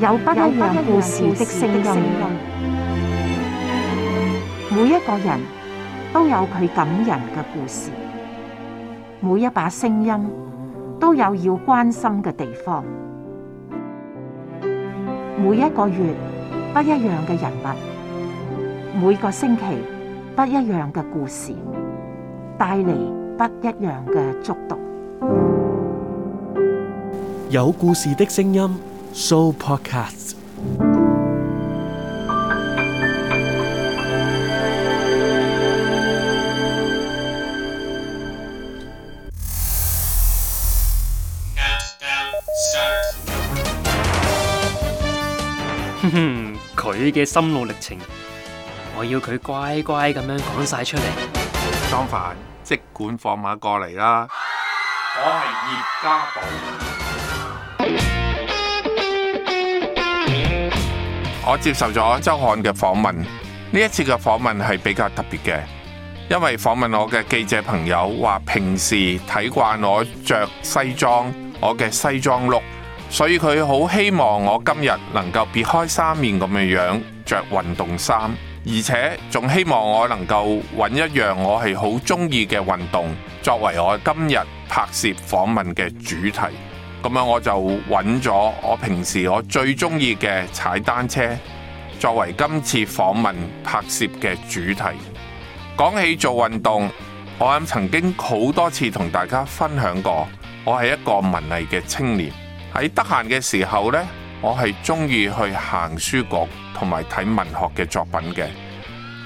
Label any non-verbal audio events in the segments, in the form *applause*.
有不一樣故事的聲音，每一個人都有佢感人嘅故事，每一把聲音都有要關心嘅地方，每一個月不一樣嘅人物，每個星期不一樣嘅故事，帶嚟不一樣嘅觸動。有故事的聲音。So Show podcast。哼 *noise* 哼，佢嘅 *noise* 心路歷程，我要佢乖乖咁樣講晒出嚟。莊凡，即管放馬過嚟啦！我係葉家寶。我接受咗周刊嘅訪問，呢一次嘅訪問係比較特別嘅，因為訪問我嘅記者朋友話平時睇慣我着西裝，我嘅西裝 look，所以佢好希望我今日能夠別開生面咁嘅樣着運動衫，而且仲希望我能夠揾一樣我係好中意嘅運動作為我今日拍攝訪問嘅主題。咁樣我就揾咗我平時我最中意嘅踩單車作為今次訪問拍攝嘅主題。講起做運動，我啱曾經好多次同大家分享過，我係一個文藝嘅青年。喺得閒嘅時候呢，我係中意去行書局同埋睇文學嘅作品嘅。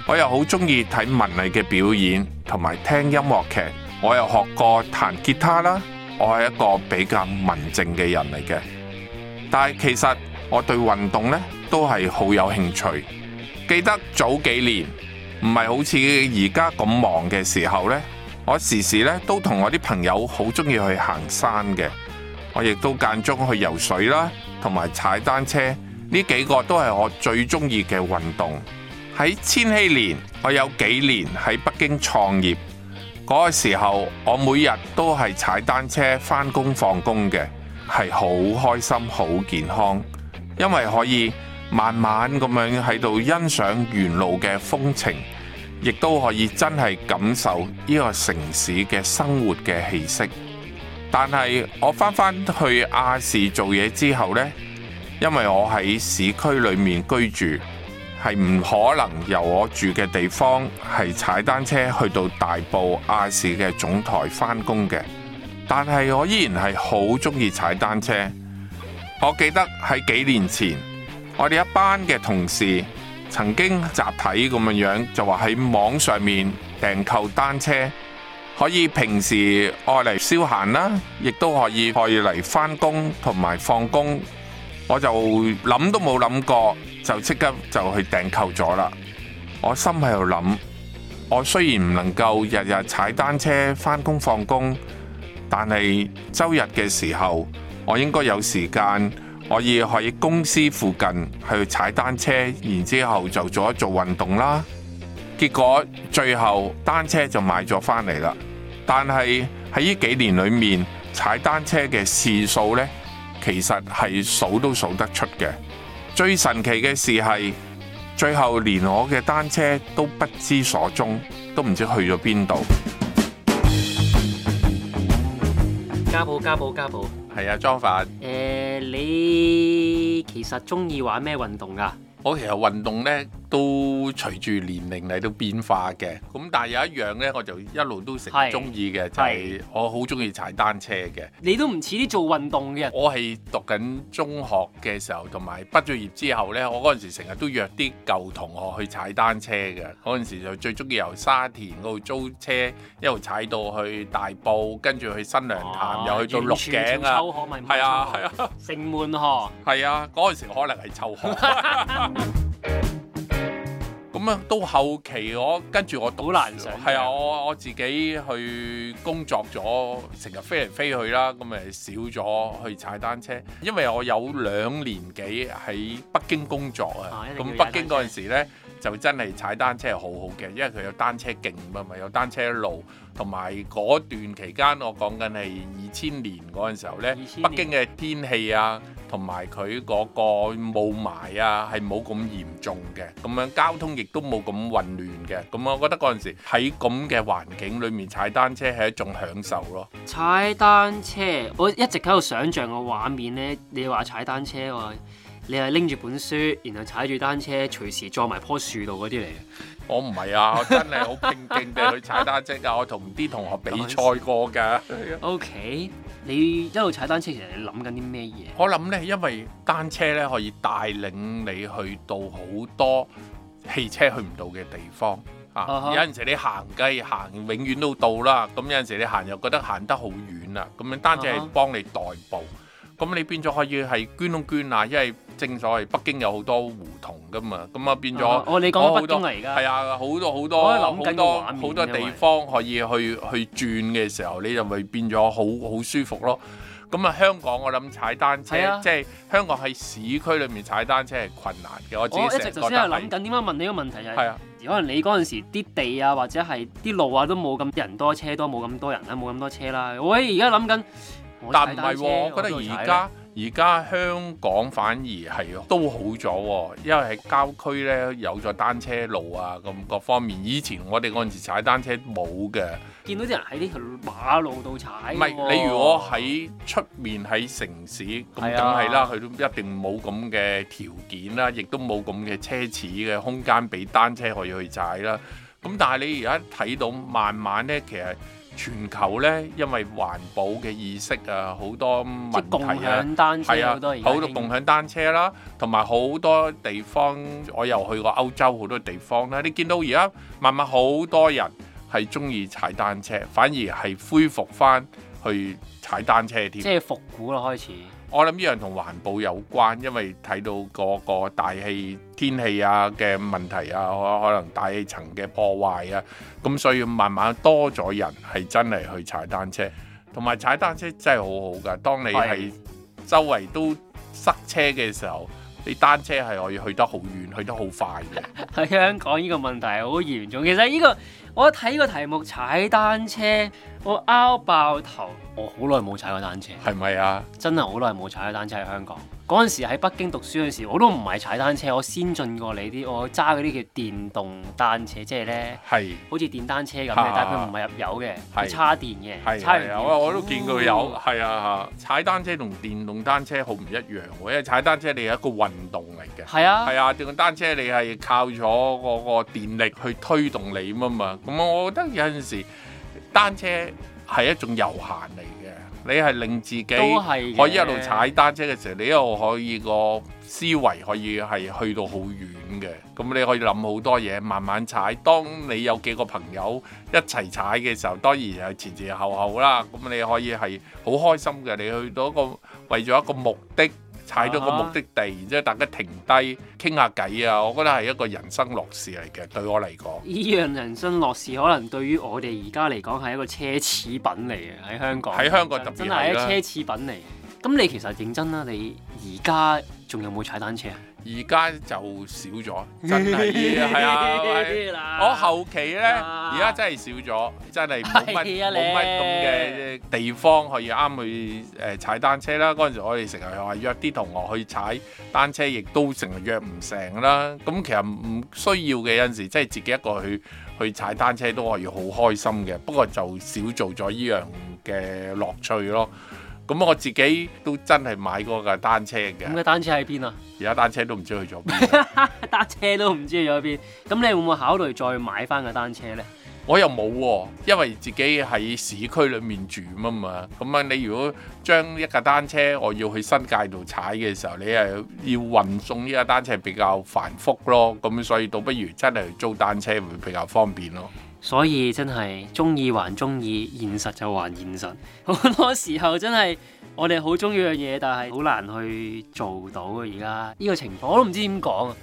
我又好中意睇文藝嘅表演同埋聽音樂劇。我又學過彈吉他啦。我係一個比較文靜嘅人嚟嘅，但係其實我對運動呢都係好有興趣。記得早幾年唔係好似而家咁忙嘅時候呢，我時時呢都同我啲朋友好中意去行山嘅。我亦都間中去游水啦，同埋踩單車，呢幾個都係我最中意嘅運動。喺千禧年，我有幾年喺北京創業。嗰個時候，我每日都係踩單車返工放工嘅，係好開心、好健康，因為可以慢慢咁樣喺度欣賞沿路嘅風情，亦都可以真係感受呢個城市嘅生活嘅氣息。但係我返返去亞視做嘢之後呢，因為我喺市區裡面居住。係唔可能由我住嘅地方係踩單車去到大埔亞視嘅總台返工嘅，但係我依然係好鍾意踩單車。我記得喺幾年前，我哋一班嘅同事曾經集體咁嘅樣，就話喺網上面訂購單車，可以平時愛嚟消閒啦，亦都可以愛嚟返工同埋放工，我就諗都冇諗過。就即刻就去訂購咗啦！我心喺度諗，我雖然唔能夠日日踩單車返工放工，但係周日嘅時候，我應該有時間，我要可以去公司附近去踩單車，然之後就做一做運動啦。結果最後單車就買咗返嚟啦。但係喺呢幾年裏面，踩單車嘅次數咧，其實係數都數得出嘅。最神奇嘅事係，最後連我嘅單車都不知所蹤，都唔知去咗邊度。加寶，加寶，加寶，係啊，莊凡。誒、呃，你其實中意玩咩運動噶？其實運動呢都隨住年齡嚟到變化嘅，咁但係有一樣呢，我就一路都成中意嘅，是就係我好中意踩單車嘅。你都唔似啲做運動嘅人。我係讀緊中學嘅時候，同埋畢咗業之後呢，我嗰陣時成日都約啲舊同學去踩單車嘅。嗰陣時就最中意由沙田嗰度租車一路踩到去大埔，跟住去新娘潭，又去到鹿頸啊，啊，城門河。係啊，嗰陣、啊啊、時可能係臭河。 *laughs* *laughs* 咁啊，到後期我跟住我好難上，係啊，我我自己去工作咗，成日飛嚟飛去啦，咁咪少咗去踩單車，因為我有兩年幾喺北京工作啊，咁、哦、北京嗰陣時呢。就真係踩單車係好好嘅，因為佢有單車徑嘛，咪有單車路，同埋嗰段期間我講緊係二千年嗰陣時候呢，年北京嘅天氣啊，同埋佢嗰個霧霾啊係冇咁嚴重嘅，咁樣交通亦都冇咁混亂嘅，咁我覺得嗰陣時喺咁嘅環境裏面踩單車係一種享受咯。踩單車，我一直喺度想像個畫面呢，你話踩單車我、啊。你係拎住本書，然後踩住單車，隨時撞埋棵樹度嗰啲嚟嘅。我唔係啊，我真係好勁勁地去踩單車㗎，我同啲同學比賽過㗎。OK，你一路踩單車，其實你諗緊啲咩嘢？我諗呢，因為單車呢可以帶領你去到好多汽車去唔到嘅地方啊！有陣時你行街行，永遠都到啦。咁有陣時你行又覺得行得好遠啦。咁單車係幫你代步，咁你變咗可以係捐窿捐啊，因為正所謂北京有好多胡同㗎嘛，咁啊變咗哦，你講北京啊而家啊，好多好多好多好多地方可以去去轉嘅時候，你就咪變咗好好舒服咯。咁啊，香港我諗踩單車，即係、啊、香港喺市區裏面踩單車係困難嘅。我一直頭先係諗緊點樣問你個問題就係、是，啊、可能你嗰陣時啲地啊或者係啲路啊都冇咁人多車多，冇咁多人啦、啊，冇咁多車啦。我而家諗緊，但唔係，我、啊、覺得而家。而家香港反而係都好咗、哦，因為喺郊區呢，有咗單車路啊，咁各方面。以前我哋嗰陣時踩單車冇嘅，見到啲人喺呢條馬路度踩、哦。唔係你如果喺出面喺城市咁梗係啦，佢都一定冇咁嘅條件啦，亦都冇咁嘅奢侈嘅空間俾單車可以去踩啦。咁但係你而家睇到慢慢呢，其實～全球呢，因為環保嘅意識啊，好多問題啊，係啊，好多共享單車啦、啊，同埋好多地方，我又去過歐洲好多地方咧、啊。你見到而家慢慢好多人係鍾意踩單車，反而係恢復返去踩單車添，即係復古咯，開始。我諗呢樣同環保有關，因為睇到個個大氣天氣啊嘅問題啊，可能大氣層嘅破壞啊，咁所以慢慢多咗人係真係去踩單車，同埋踩單車真係好好噶。當你係周圍都塞車嘅時候，你單車係可以去得好遠，去得好快嘅。喺香港呢個問題好嚴重，其實呢個。我睇個題目踩單車，我拗爆頭！我好耐冇踩過單車，係咪啊？真係好耐冇踩過單車喺香港。嗰陣時喺北京讀書嗰陣時，我都唔係踩單車，我先進過你啲，我揸嗰啲叫電動單車，即係咧，係是好似電單車咁、啊、但係佢唔係入油嘅，係插是電嘅。係係啊，我都見過有。係、嗯、啊，啊，踩單車同電動單車好唔一樣喎，因為踩單車你係一個運動嚟嘅。係啊，係啊，電動單車你係靠咗嗰個電力去推動你咁啊嘛。咁我覺得有陣時單車係一種遊閒嚟嘅，你係令自己可以一路踩單車嘅時候，你一路可以個思維可以係去到好遠嘅，咁你可以諗好多嘢，慢慢踩。當你有幾個朋友一齊踩嘅時候，當然係前前後後啦，咁你可以係好開心嘅。你去到一個為咗一個目的。踩到個目的地，然之後大家停低傾下偈啊！我覺得係一個人生樂事嚟嘅，對我嚟講。呢樣人生樂事可能對於我哋而家嚟講係一個奢侈品嚟嘅，喺香港。喺香港特別啦，真係奢侈品嚟。咁的你其實認真啦，你而家仲有冇踩單車？而家就少咗，真係 *laughs* 啊，啊，啊，我後期呢，而家 *laughs* 真係少咗，真係冇乜冇乜咁嘅地方可以啱去誒、呃、踩單車啦。嗰陣時我哋成日話約啲同學去踩單車，亦都成日約唔成啦。咁其實唔需要嘅有陣時，即係自己一個去去踩單車都可以好開心嘅。不過就少做咗呢樣嘅樂趣咯。咁我自己都真係買過架單車嘅。咁架單車喺邊啊？而家單車都唔知去咗邊， *laughs* 單車都唔知去咗邊。咁你會唔會考慮再買翻架單車呢？我又冇喎、哦，因為自己喺市區裏面住啊嘛。咁樣你如果將一架單車，我要去新界度踩嘅時候，你係要運送呢架單車比較繁複咯。咁所以倒不如真係去租單車會比較方便咯。所以真係中意還中意，現實就還現實。好 *laughs* 多時候真係我哋好中意樣嘢，但係好難去做到啊！而家呢個情況，我都唔知點講啊！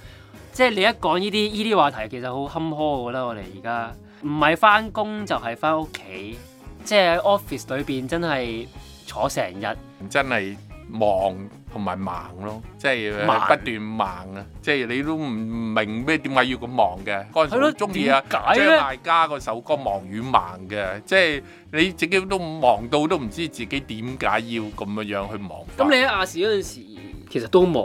即係你一講呢啲呢啲話題，其實好坎坷，我覺得我哋而家唔係翻工就係翻屋企，即係 office 裏邊真係坐成日，真係忙。同埋忙咯，即係不斷忙啊！忙，即係你都唔明咩，點解要咁忙嘅，嗰陣時都中意啊，張艾嘉嗰首歌《忙與盲》嘅，即係你自己都忙到都唔知自己點解要咁樣樣去忙。咁你喺亞視嗰陣時，其實都忙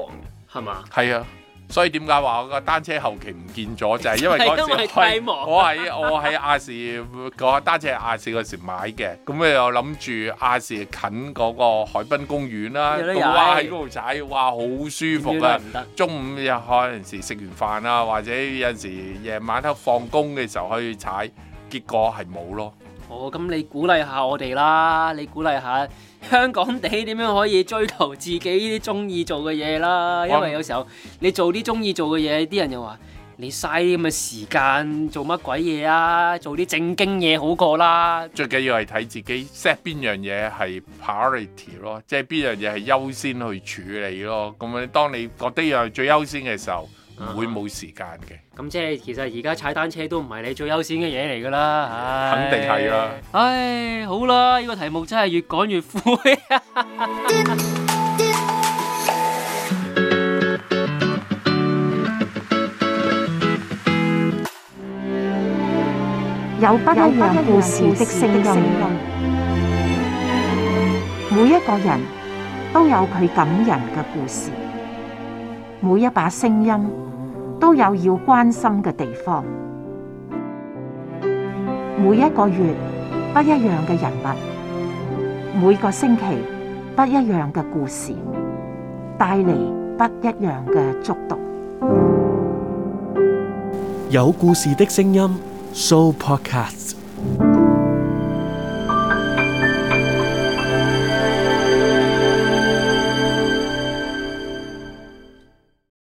係嘛？係啊。所以點解話我個單車後期唔見咗？就係、係、因為嗰時， *laughs* 時，我喺我喺亞視嗰個單車係亞視嗰時，時買嘅。咁你又諗住亞視近嗰個海濱公園啦，咁我喺嗰度踩，哇好舒服啊！中午有可能時食完飯啊，或者有陣時夜晚黑放工嘅時候可以踩，結果係冇咯。哦，咁你鼓勵下我哋啦，你鼓勵下香港地點樣可以追求自己啲中意做嘅嘢啦，我因為有時候你做啲中意做嘅嘢，啲人又話你嘥咁嘅時間做乜鬼嘢啊，做啲正經嘢好過啦。最緊要係睇自己 set 邊樣嘢係 priority 咯，即係邊樣嘢係優先去處理咯。咁樣當你覺得依樣最優先嘅時候。唔會冇時間嘅。咁即係其實而家踩單車都唔係你最優先嘅嘢嚟㗎啦。肯定係啦。唉，好啦，呢個題目真係越講越灰。有不一樣故事的聲音。每一個人都有佢感人嘅故事。每一把聲音。都有要關心嘅地方，每一個月，不一樣嘅人物，每個星期，不一樣嘅故事，帶嚟不一樣嘅觸動。有故事的聲音，Show Podcast。